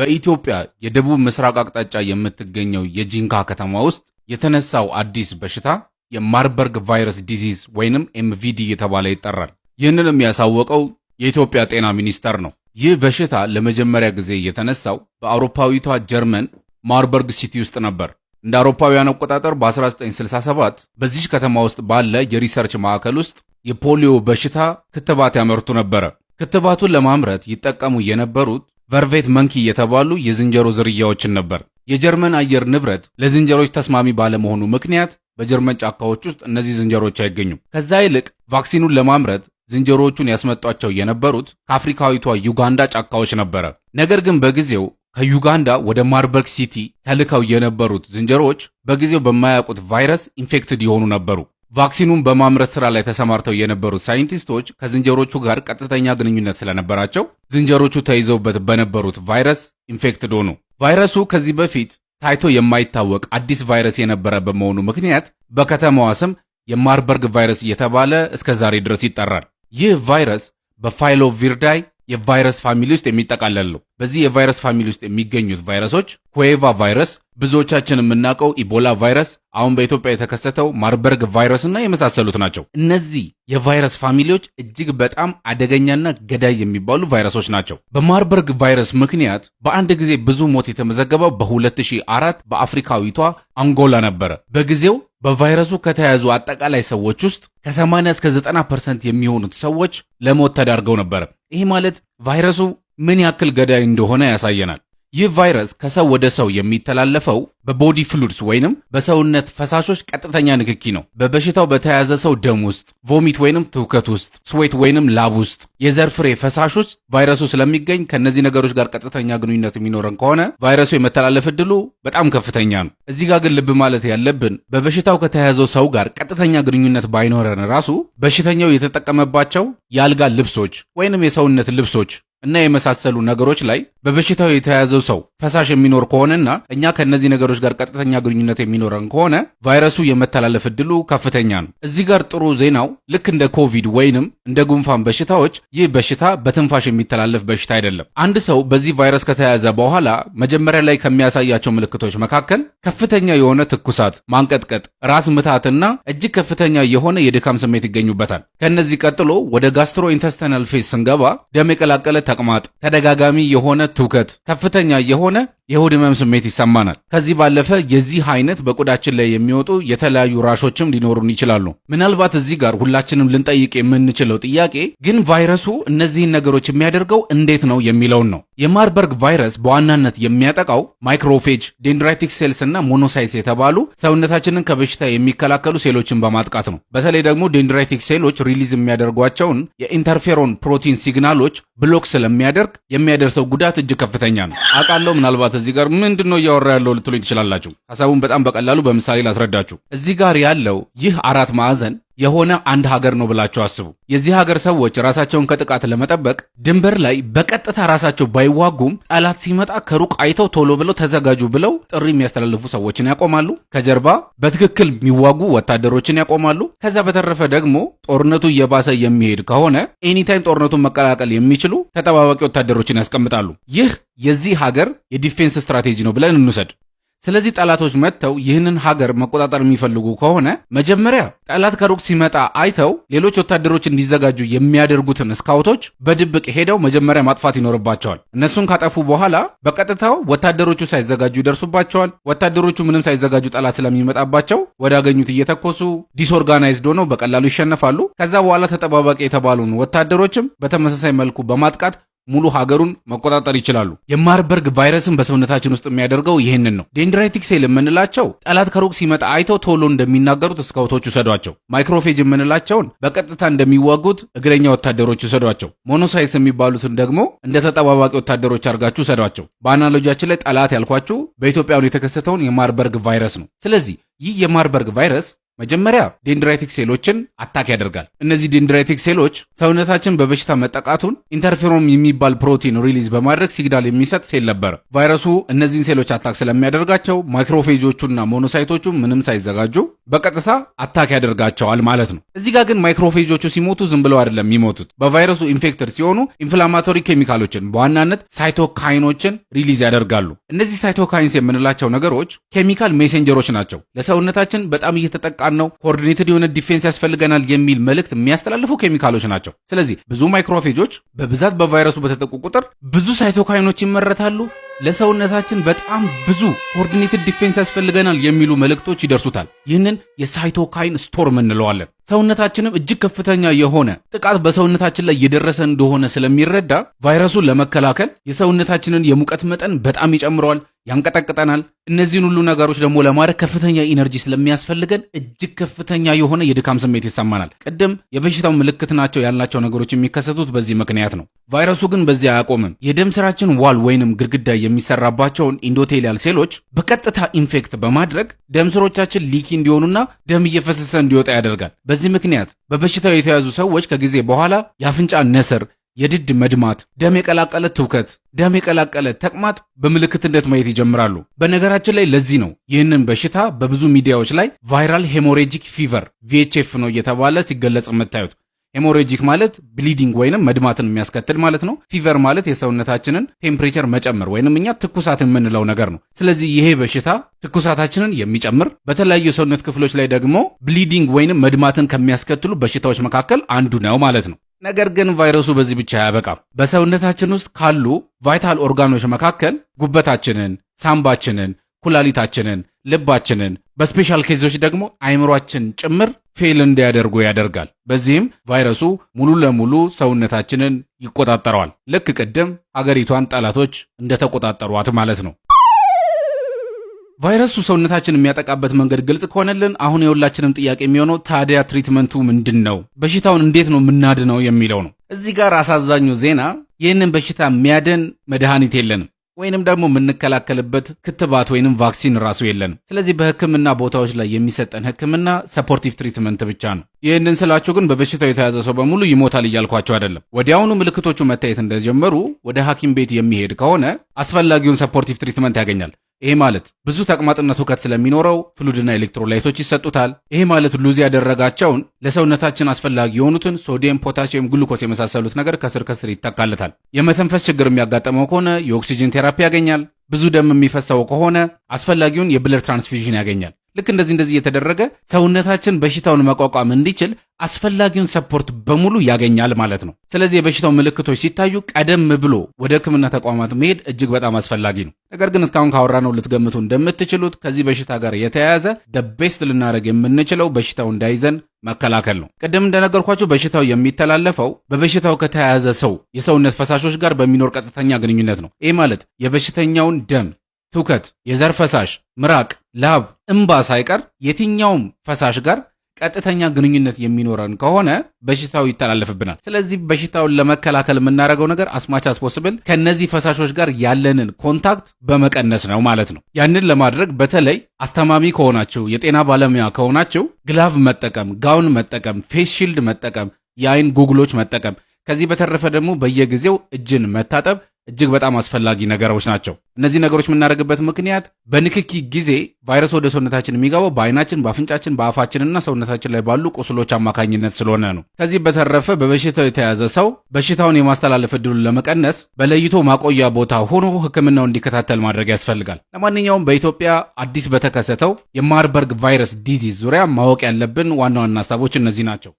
በኢትዮጵያ የደቡብ ምስራቅ አቅጣጫ የምትገኘው የጂንካ ከተማ ውስጥ የተነሳው አዲስ በሽታ የማርበርግ ቫይረስ ዲዚዝ ወይንም ኤምቪዲ የተባለ ይጠራል። ይህንን የሚያሳወቀው የኢትዮጵያ ጤና ሚኒስቴር ነው። ይህ በሽታ ለመጀመሪያ ጊዜ የተነሳው በአውሮፓዊቷ ጀርመን ማርበርግ ሲቲ ውስጥ ነበር። እንደ አውሮፓውያን አቆጣጠር በ1967 በዚች ከተማ ውስጥ ባለ የሪሰርች ማዕከል ውስጥ የፖሊዮ በሽታ ክትባት ያመርቱ ነበረ። ክትባቱን ለማምረት ይጠቀሙ የነበሩት ቨርቬት መንኪ የተባሉ የዝንጀሮ ዝርያዎችን ነበር። የጀርመን አየር ንብረት ለዝንጀሮች ተስማሚ ባለመሆኑ ምክንያት በጀርመን ጫካዎች ውስጥ እነዚህ ዝንጀሮች አይገኙም። ከዛ ይልቅ ቫክሲኑን ለማምረት ዝንጀሮዎቹን ያስመጧቸው የነበሩት ከአፍሪካዊቷ ዩጋንዳ ጫካዎች ነበረ። ነገር ግን በጊዜው ከዩጋንዳ ወደ ማርበርግ ሲቲ ተልከው የነበሩት ዝንጀሮዎች በጊዜው በማያውቁት ቫይረስ ኢንፌክትድ የሆኑ ነበሩ። ቫክሲኑን በማምረት ስራ ላይ ተሰማርተው የነበሩት ሳይንቲስቶች ከዝንጀሮቹ ጋር ቀጥተኛ ግንኙነት ስለነበራቸው ዝንጀሮቹ ተይዘውበት በነበሩት ቫይረስ ኢንፌክትድ ሆኑ። ቫይረሱ ከዚህ በፊት ታይቶ የማይታወቅ አዲስ ቫይረስ የነበረ በመሆኑ ምክንያት በከተማዋ ስም የማርበርግ ቫይረስ እየተባለ እስከ ዛሬ ድረስ ይጠራል። ይህ ቫይረስ በፋይሎቪርዳይ የቫይረስ ፋሚሊ ውስጥ የሚጠቃለል ነው። በዚህ የቫይረስ ፋሚሊ ውስጥ የሚገኙት ቫይረሶች ኩዌቫ ቫይረስ፣ ብዙዎቻችን የምናውቀው ኢቦላ ቫይረስ፣ አሁን በኢትዮጵያ የተከሰተው ማርበርግ ቫይረስ እና የመሳሰሉት ናቸው። እነዚህ የቫይረስ ፋሚሊዎች እጅግ በጣም አደገኛና ገዳይ የሚባሉ ቫይረሶች ናቸው። በማርበርግ ቫይረስ ምክንያት በአንድ ጊዜ ብዙ ሞት የተመዘገበው በ2004 በአፍሪካዊቷ አንጎላ ነበረ። በጊዜው በቫይረሱ ከተያዙ አጠቃላይ ሰዎች ውስጥ ከ80 እስከ 90 ፐርሰንት የሚሆኑት ሰዎች ለሞት ተዳርገው ነበረ። ይሄ ማለት ቫይረሱ ምን ያክል ገዳይ እንደሆነ ያሳየናል። ይህ ቫይረስ ከሰው ወደ ሰው የሚተላለፈው በቦዲ ፍሉድስ ወይንም በሰውነት ፈሳሾች ቀጥተኛ ንክኪ ነው። በበሽታው በተያያዘ ሰው ደም ውስጥ፣ ቮሚት ወይንም ትውከት ውስጥ፣ ስዌት ወይንም ላብ ውስጥ የዘር ፍሬ ፈሳሾች ቫይረሱ ስለሚገኝ ከእነዚህ ነገሮች ጋር ቀጥተኛ ግንኙነት የሚኖረን ከሆነ ቫይረሱ የመተላለፍ እድሉ በጣም ከፍተኛ ነው። እዚህ ጋር ግን ልብ ማለት ያለብን በበሽታው ከተያያዘው ሰው ጋር ቀጥተኛ ግንኙነት ባይኖረን ራሱ በሽተኛው የተጠቀመባቸው የአልጋ ልብሶች ወይንም የሰውነት ልብሶች እና የመሳሰሉ ነገሮች ላይ በበሽታው የተያዘው ሰው ፈሳሽ የሚኖር ከሆነና እኛ ከእነዚህ ነገሮች ጋር ቀጥተኛ ግንኙነት የሚኖረን ከሆነ ቫይረሱ የመተላለፍ እድሉ ከፍተኛ ነው። እዚህ ጋር ጥሩ ዜናው ልክ እንደ ኮቪድ ወይንም እንደ ጉንፋን በሽታዎች ይህ በሽታ በትንፋሽ የሚተላለፍ በሽታ አይደለም። አንድ ሰው በዚህ ቫይረስ ከተያያዘ በኋላ መጀመሪያ ላይ ከሚያሳያቸው ምልክቶች መካከል ከፍተኛ የሆነ ትኩሳት፣ ማንቀጥቀጥ፣ ራስ ምታትና እጅግ ከፍተኛ የሆነ የድካም ስሜት ይገኙበታል። ከእነዚህ ቀጥሎ ወደ ጋስትሮ ኢንተስተናል ፌስ ስንገባ ደም የቀላቀለ ተቅማጥ፣ ተደጋጋሚ የሆነ ትውከት፣ ከፍተኛ የሆነ ohne የሆድ ህመም ስሜት ይሰማናል። ከዚህ ባለፈ የዚህ አይነት በቆዳችን ላይ የሚወጡ የተለያዩ ራሾችም ሊኖሩን ይችላሉ። ምናልባት እዚህ ጋር ሁላችንም ልንጠይቅ የምንችለው ጥያቄ ግን ቫይረሱ እነዚህን ነገሮች የሚያደርገው እንዴት ነው የሚለውን ነው። የማርበርግ ቫይረስ በዋናነት የሚያጠቃው ማይክሮፌጅ፣ ዴንድራይቲክ ሴልስ እና ሞኖሳይትስ የተባሉ ሰውነታችንን ከበሽታ የሚከላከሉ ሴሎችን በማጥቃት ነው። በተለይ ደግሞ ዴንድራይቲክ ሴሎች ሪሊዝ የሚያደርጓቸውን የኢንተርፌሮን ፕሮቲን ሲግናሎች ብሎክ ስለሚያደርግ የሚያደርሰው ጉዳት እጅግ ከፍተኛ ነው። አውቃለሁ ምናልባት እዚህ ጋር ምንድን ነው እያወራ ያለው ልትሉኝ ትችላላችሁ። ሀሳቡን በጣም በቀላሉ በምሳሌ ላስረዳችሁ። እዚህ ጋር ያለው ይህ አራት ማዕዘን የሆነ አንድ ሀገር ነው ብላችሁ አስቡ። የዚህ ሀገር ሰዎች ራሳቸውን ከጥቃት ለመጠበቅ ድንበር ላይ በቀጥታ ራሳቸው ባይዋጉም ጠላት ሲመጣ ከሩቅ አይተው ቶሎ ብለው ተዘጋጁ ብለው ጥሪ የሚያስተላልፉ ሰዎችን ያቆማሉ። ከጀርባ በትክክል የሚዋጉ ወታደሮችን ያቆማሉ። ከዛ በተረፈ ደግሞ ጦርነቱ እየባሰ የሚሄድ ከሆነ ኤኒታይም ጦርነቱን መቀላቀል የሚችሉ ተጠባባቂ ወታደሮችን ያስቀምጣሉ። ይህ የዚህ ሀገር የዲፌንስ ስትራቴጂ ነው ብለን እንውሰድ። ስለዚህ ጠላቶች መጥተው ይህንን ሀገር መቆጣጠር የሚፈልጉ ከሆነ መጀመሪያ ጠላት ከሩቅ ሲመጣ አይተው ሌሎች ወታደሮች እንዲዘጋጁ የሚያደርጉትን ስካውቶች በድብቅ ሄደው መጀመሪያ ማጥፋት ይኖርባቸዋል። እነሱን ካጠፉ በኋላ በቀጥታው ወታደሮቹ ሳይዘጋጁ ይደርሱባቸዋል። ወታደሮቹ ምንም ሳይዘጋጁ ጠላት ስለሚመጣባቸው ወዳገኙት እየተኮሱ ዲስኦርጋናይዝድ ሆነው በቀላሉ ይሸነፋሉ። ከዛ በኋላ ተጠባባቂ የተባሉን ወታደሮችም በተመሳሳይ መልኩ በማጥቃት ሙሉ ሀገሩን መቆጣጠር ይችላሉ። የማርበርግ ቫይረስን በሰውነታችን ውስጥ የሚያደርገው ይህንን ነው። ዴንድራይቲክ ሴል የምንላቸው ጠላት ከሩቅ ሲመጣ አይተው ቶሎ እንደሚናገሩት እስካውቶች ውሰዷቸው። ማይክሮፌጅ የምንላቸውን በቀጥታ እንደሚዋጉት እግረኛ ወታደሮች ውሰዷቸው። ሞኖሳይትስ የሚባሉትን ደግሞ እንደ ተጠባባቂ ወታደሮች አድርጋችሁ ውሰዷቸው። በአናሎጂያችን ላይ ጠላት ያልኳችሁ በኢትዮጵያ የተከሰተውን የማርበርግ ቫይረስ ነው። ስለዚህ ይህ የማርበርግ ቫይረስ መጀመሪያ ዴንድራይቲክ ሴሎችን አታክ ያደርጋል። እነዚህ ዴንድራይቲክ ሴሎች ሰውነታችን በበሽታ መጠቃቱን ኢንተርፌሮም የሚባል ፕሮቲን ሪሊዝ በማድረግ ሲግናል የሚሰጥ ሴል ነበር። ቫይረሱ እነዚህን ሴሎች አታክ ስለሚያደርጋቸው ማይክሮፌጆቹና ሞኖሳይቶቹ ምንም ሳይዘጋጁ በቀጥታ አታክ ያደርጋቸዋል ማለት ነው። እዚህ ጋር ግን ማይክሮፌጆቹ ሲሞቱ ዝም ብለው አይደለም የሚሞቱት። በቫይረሱ ኢንፌክተር ሲሆኑ ኢንፍላማቶሪ ኬሚካሎችን በዋናነት ሳይቶካይኖችን ሪሊዝ ያደርጋሉ። እነዚህ ሳይቶካይንስ የምንላቸው ነገሮች ኬሚካል ሜሴንጀሮች ናቸው። ለሰውነታችን በጣም እየተጠቃ እየወጣን ነው፣ ኮኦርዲኔትድ የሆነ ዲፌንስ ያስፈልገናል የሚል መልእክት የሚያስተላልፉ ኬሚካሎች ናቸው። ስለዚህ ብዙ ማይክሮፌጆች በብዛት በቫይረሱ በተጠቁ ቁጥር ብዙ ሳይቶካይኖች ይመረታሉ። ለሰውነታችን በጣም ብዙ ኮኦርዲኔትድ ዲፌንስ ያስፈልገናል የሚሉ መልእክቶች ይደርሱታል። ይህንን የሳይቶካይን ስቶርም እንለዋለን። ሰውነታችንም እጅግ ከፍተኛ የሆነ ጥቃት በሰውነታችን ላይ እየደረሰ እንደሆነ ስለሚረዳ ቫይረሱን ለመከላከል የሰውነታችንን የሙቀት መጠን በጣም ይጨምረዋል። ያንቀጠቅጠናል። እነዚህን ሁሉ ነገሮች ደግሞ ለማድረግ ከፍተኛ ኢነርጂ ስለሚያስፈልገን እጅግ ከፍተኛ የሆነ የድካም ስሜት ይሰማናል። ቅድም የበሽታው ምልክት ናቸው ያልናቸው ነገሮች የሚከሰቱት በዚህ ምክንያት ነው። ቫይረሱ ግን በዚህ አያቆምም። የደም ስራችን ዋል ወይንም ግድግዳ የሚሰራባቸውን ኢንዶቴሊያል ሴሎች በቀጥታ ኢንፌክት በማድረግ ደም ስሮቻችን ሊኪ እንዲሆኑና ደም እየፈሰሰ እንዲወጣ ያደርጋል። በዚህ ምክንያት በበሽታው የተያዙ ሰዎች ከጊዜ በኋላ የአፍንጫ ነስር፣ የድድ መድማት፣ ደም የቀላቀለ ትውከት፣ ደም የቀላቀለ ተቅማጥ በምልክትነት ማየት ይጀምራሉ። በነገራችን ላይ ለዚህ ነው ይህንን በሽታ በብዙ ሚዲያዎች ላይ ቫይራል ሄሞሬጂክ ፊቨር ቪኤችኤፍ ነው እየተባለ ሲገለጽ የምታዩት። ሄሞሬጂክ ማለት ብሊዲንግ ወይንም መድማትን የሚያስከትል ማለት ነው። ፊቨር ማለት የሰውነታችንን ቴምፕሬቸር መጨመር ወይንም እኛ ትኩሳት የምንለው ነገር ነው። ስለዚህ ይሄ በሽታ ትኩሳታችንን የሚጨምር በተለያዩ የሰውነት ክፍሎች ላይ ደግሞ ብሊዲንግ ወይንም መድማትን ከሚያስከትሉ በሽታዎች መካከል አንዱ ነው ማለት ነው። ነገር ግን ቫይረሱ በዚህ ብቻ አያበቃም። በሰውነታችን ውስጥ ካሉ ቫይታል ኦርጋኖች መካከል ጉበታችንን፣ ሳምባችንን፣ ኩላሊታችንን፣ ልባችንን በስፔሻል ኬዞች ደግሞ አይምሯችን ጭምር ፌል እንዲያደርጉ ያደርጋል። በዚህም ቫይረሱ ሙሉ ለሙሉ ሰውነታችንን ይቆጣጠረዋል። ልክ ቅድም ሀገሪቷን ጠላቶች እንደተቆጣጠሯት ማለት ነው። ቫይረሱ ሰውነታችን የሚያጠቃበት መንገድ ግልጽ ከሆነልን አሁን የሁላችንም ጥያቄ የሚሆነው ታዲያ ትሪትመንቱ ምንድን ነው? በሽታውን እንዴት ነው የምናድነው የሚለው ነው። እዚህ ጋር አሳዛኙ ዜና ይህንን በሽታ የሚያድን መድኃኒት የለንም፣ ወይንም ደግሞ የምንከላከልበት ክትባት ወይንም ቫክሲን ራሱ የለንም። ስለዚህ በሕክምና ቦታዎች ላይ የሚሰጠን ሕክምና ሰፖርቲቭ ትሪትመንት ብቻ ነው። ይህንን ስላችሁ ግን በበሽታው የተያዘ ሰው በሙሉ ይሞታል እያልኳቸው አይደለም። ወዲያውኑ ምልክቶቹ መታየት እንደጀመሩ ወደ ሐኪም ቤት የሚሄድ ከሆነ አስፈላጊውን ሰፖርቲቭ ትሪትመንት ያገኛል። ይሄ ማለት ብዙ ተቅማጥነት ትውከት ስለሚኖረው ፍሉድና ኤሌክትሮላይቶች ይሰጡታል። ይሄ ማለት ሉዝ ያደረጋቸውን ለሰውነታችን አስፈላጊ የሆኑትን ሶዲየም፣ ፖታሽየም፣ ግሉኮስ የመሳሰሉት ነገር ከስር ከስር ይተካለታል። የመተንፈስ ችግር የሚያጋጠመው ከሆነ የኦክሲጅን ቴራፒ ያገኛል። ብዙ ደም የሚፈሰው ከሆነ አስፈላጊውን የብለድ ትራንስፊዥን ያገኛል። ልክ እንደዚህ እንደዚህ እየተደረገ ሰውነታችን በሽታውን መቋቋም እንዲችል አስፈላጊውን ሰፖርት በሙሉ ያገኛል ማለት ነው። ስለዚህ የበሽታው ምልክቶች ሲታዩ ቀደም ብሎ ወደ ሕክምና ተቋማት መሄድ እጅግ በጣም አስፈላጊ ነው። ነገር ግን እስካሁን ካወራነው ልትገምቱ እንደምትችሉት ከዚህ በሽታ ጋር የተያያዘ ደቤስት ልናደርግ የምንችለው በሽታው እንዳይዘን መከላከል ነው። ቅድም እንደነገርኳችሁ በሽታው የሚተላለፈው በበሽታው ከተያያዘ ሰው የሰውነት ፈሳሾች ጋር በሚኖር ቀጥተኛ ግንኙነት ነው። ይህ ማለት የበሽተኛውን ደም ትውከት፣ የዘር ፈሳሽ፣ ምራቅ፣ ላብ፣ እምባ ሳይቀር የትኛውም ፈሳሽ ጋር ቀጥተኛ ግንኙነት የሚኖረን ከሆነ በሽታው ይተላለፍብናል። ስለዚህ በሽታውን ለመከላከል የምናደርገው ነገር አስማች አስፖስብል ከነዚህ ፈሳሾች ጋር ያለንን ኮንታክት በመቀነስ ነው ማለት ነው። ያንን ለማድረግ በተለይ አስተማሚ ከሆናችሁ የጤና ባለሙያ ከሆናችሁ ግላቭ መጠቀም፣ ጋውን መጠቀም፣ ፌስ ሺልድ መጠቀም፣ የአይን ጉግሎች መጠቀም ከዚህ በተረፈ ደግሞ በየጊዜው እጅን መታጠብ እጅግ በጣም አስፈላጊ ነገሮች ናቸው። እነዚህ ነገሮች የምናደርግበት ምክንያት በንክኪ ጊዜ ቫይረስ ወደ ሰውነታችን የሚገባው በአይናችን፣ በአፍንጫችን፣ በአፋችንና ሰውነታችን ላይ ባሉ ቁስሎች አማካኝነት ስለሆነ ነው። ከዚህ በተረፈ በበሽታው የተያዘ ሰው በሽታውን የማስተላለፍ እድሉን ለመቀነስ በለይቶ ማቆያ ቦታ ሆኖ ሕክምናው እንዲከታተል ማድረግ ያስፈልጋል። ለማንኛውም በኢትዮጵያ አዲስ በተከሰተው የማርበርግ ቫይረስ ዲዚዝ ዙሪያ ማወቅ ያለብን ዋና ዋና ሀሳቦች እነዚህ ናቸው።